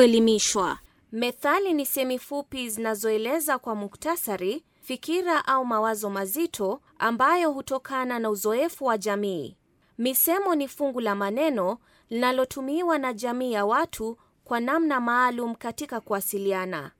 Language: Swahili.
kuelimishwa. Methali ni semi fupi zinazoeleza kwa muktasari fikira au mawazo mazito ambayo hutokana na uzoefu wa jamii. Misemo ni fungu la maneno linalotumiwa na jamii ya watu kwa namna maalum katika kuwasiliana.